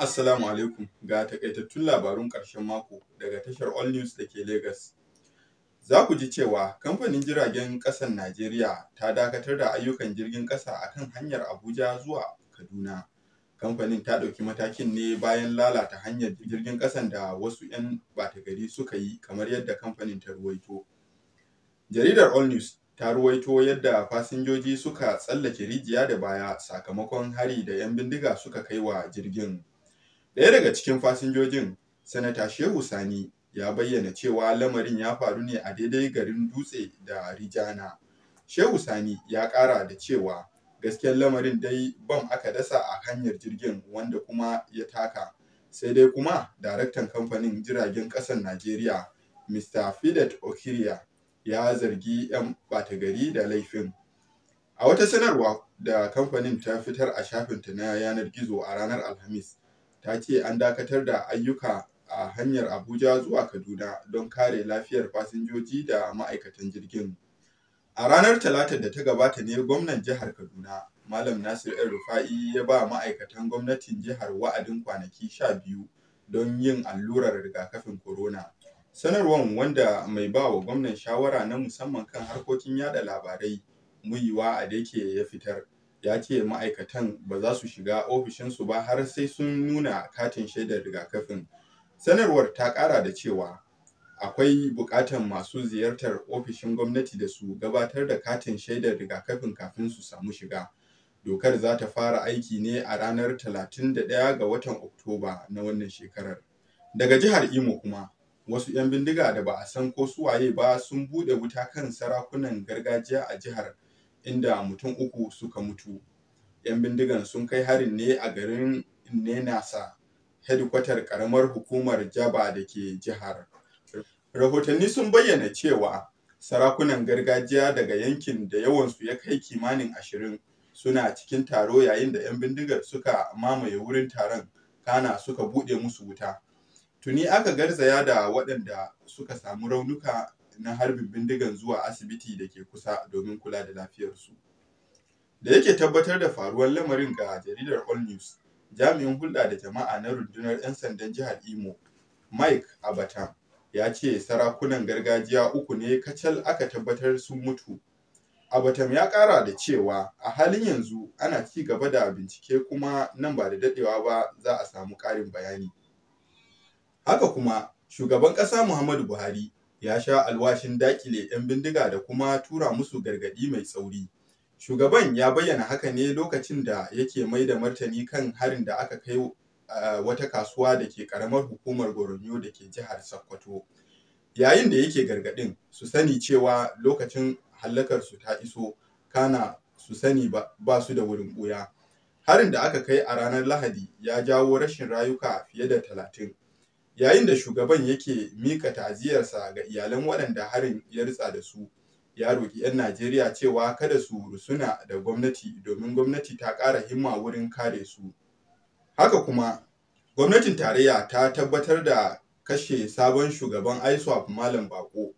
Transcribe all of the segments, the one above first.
assalamu alaikum ga takaitattun labarun ƙarshen mako daga tashar all news da ke Legas. za ku ji cewa kamfanin jiragen ƙasan najeriya ta dakatar da ayyukan jirgin ƙasa a kan hanyar abuja zuwa kaduna kamfanin ta ɗauki matakin ne bayan lalata hanyar jirgin ƙasan da wasu 'yan bata gari suka yi kamar yadda kamfanin ta ruwaito jaridar all news ta ruwaito yadda fasinjoji suka tsallake rijiya da baya sakamakon hari da 'yan bindiga suka kai wa jirgin Daya daga cikin fasinjojin sanata shehu sani ya bayyana cewa lamarin ya faru ne a daidai garin dutse da rijana shehu sani ya ƙara da cewa gaskiyar lamarin dai bam aka dasa a hanyar jirgin wanda kuma ya taka sai dai kuma daraktan kamfanin jiragen ƙasar najeriya mr fidet okiria ya zargi 'yan ɓata gari da laifin a wata sanarwa da kamfanin ta fitar a shafinta na yanar gizo a ranar alhamis ta ce an dakatar da ayyuka a hanyar Abuja zuwa Kaduna don kare lafiyar fasinjoji da ma'aikatan jirgin. A ranar Talatar da ta gabata ne gwamnan jihar Kaduna, Malam Nasir El Rufa'i ya ba ma'aikatan gwamnatin jihar wa'adin kwanaki sha biyu don yin allurar rigakafin corona. Sanarwar wanda mai ba wa gwamnan shawara na musamman kan harkokin yada labarai, Muyiwa Adeke ya fitar. ya ce ma'aikatan ba za su shiga ofishinsu ba har sai sun nuna katin shaidar rigakafin sanarwar ta ƙara da cewa akwai buƙatan masu ziyartar ofishin gwamnati da su gabatar da katin shaidar rigakafin kafin su samu shiga dokar za ta fara aiki ne a ranar 31 ga watan oktoba na wannan shekarar daga jihar imo kuma wasu 'yan bindiga da ba a san ko suwaye ba sun buɗe wuta kan sarakunan gargajiya a jihar inda mutum uku suka mutu. 'Yan bindigan sun kai harin ne a garin Nenasa, hedikwatar karamar hukumar Jaba da ke jihar. Rahotanni sun bayyana cewa sarakunan gargajiya daga yankin da yawansu ya kai kimanin ashirin suna cikin taro yayin da 'yan bindigar suka mamaye wurin taron kana suka buɗe musu wuta. Tuni aka garzaya da waɗanda suka samu raunuka na harbin bindigan zuwa asibiti da ke kusa domin kula da lafiyar su. Da yake tabbatar da faruwar lamarin ga jaridar All News, jami'in hulɗa da jama'a na rundunar 'yan sandan jihar Imo, Mike Abata, ya ce sarakunan gargajiya uku ne kacal aka tabbatar sun mutu. Abatam ya ƙara da cewa a halin yanzu ana ci gaba da bincike kuma nan ba da daɗewa ba za a samu ƙarin bayani. Haka kuma shugaban ƙasa Muhammadu Buhari ya sha alwashin dakile 'yan bindiga da kuma tura musu gargaɗi mai tsauri. Shugaban ya bayyana haka ne lokacin da yake mai da martani kan harin da aka kai wata kasuwa da ke ƙaramar hukumar Goronyo da ke jihar Sokoto. Yayin da yake gargaɗin su sani cewa lokacin su ta iso, kana su sani ba su da wurin ɓuya. Harin da aka kai a ranar Lahadi ya jawo rashin rayuka fiye da talatin. Yayin da shugaban yake mika ta'aziyarsa ga iyalan waɗanda harin ya ritsa da su, ya roƙi 'yan Najeriya cewa kada su rusuna da gwamnati domin gwamnati ta ƙara himma wurin kare su. Haka kuma, gwamnatin tarayya ta tabbatar da kashe sabon shugaban ISWAP Malam Bako.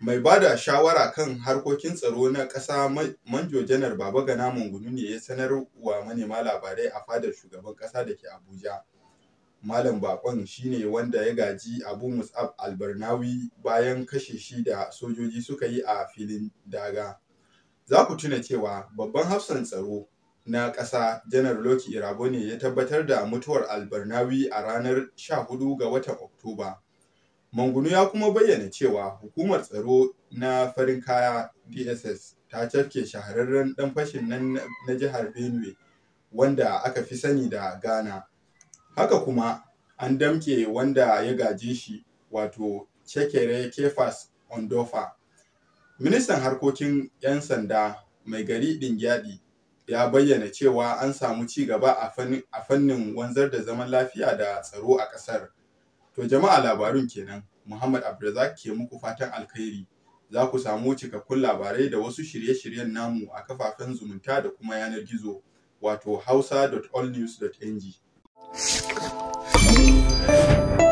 Mai bada shawara kan harkokin tsaro na ƙasa Manjo Janar Babagana Mungunu ne ya sanar wa manema labarai a fadar shugaban ƙasa da ke Abuja. Malam Bakon shine wanda ya gaji Abu Mus'ab Albarnawi bayan kashe shi da sojoji suka yi a filin daga. Za ku tuna cewa babban hafsan tsaro na ƙasa Janar Loki Irabo ne ya tabbatar da mutuwar Albarnawi a ranar 14 ga watan Oktoba. Mangunu ya kuma bayyana cewa hukumar tsaro na farin kaya DSS ta cafke shahararren ɗan fashin nan na jihar Benue wanda aka fi sani da Ghana. Haka kuma, an damke wanda ya gaje shi, wato Chekere Kefas Ondofa. Ministan Harkokin 'Yan Sanda mai gari ɗin Dingyadi ya bayyana cewa an samu ci gaba a fannin wanzar da zaman lafiya da tsaro a ƙasar. To jama'a labarun kenan, Muhammad Abdulrazak ke muku fatan alkhairi. Za ku samu cikakkun labarai da wasu shirye-shiryen namu a kafafen zumunta da kuma yanar gizo, wato hausa.allnews.ng. Thank you.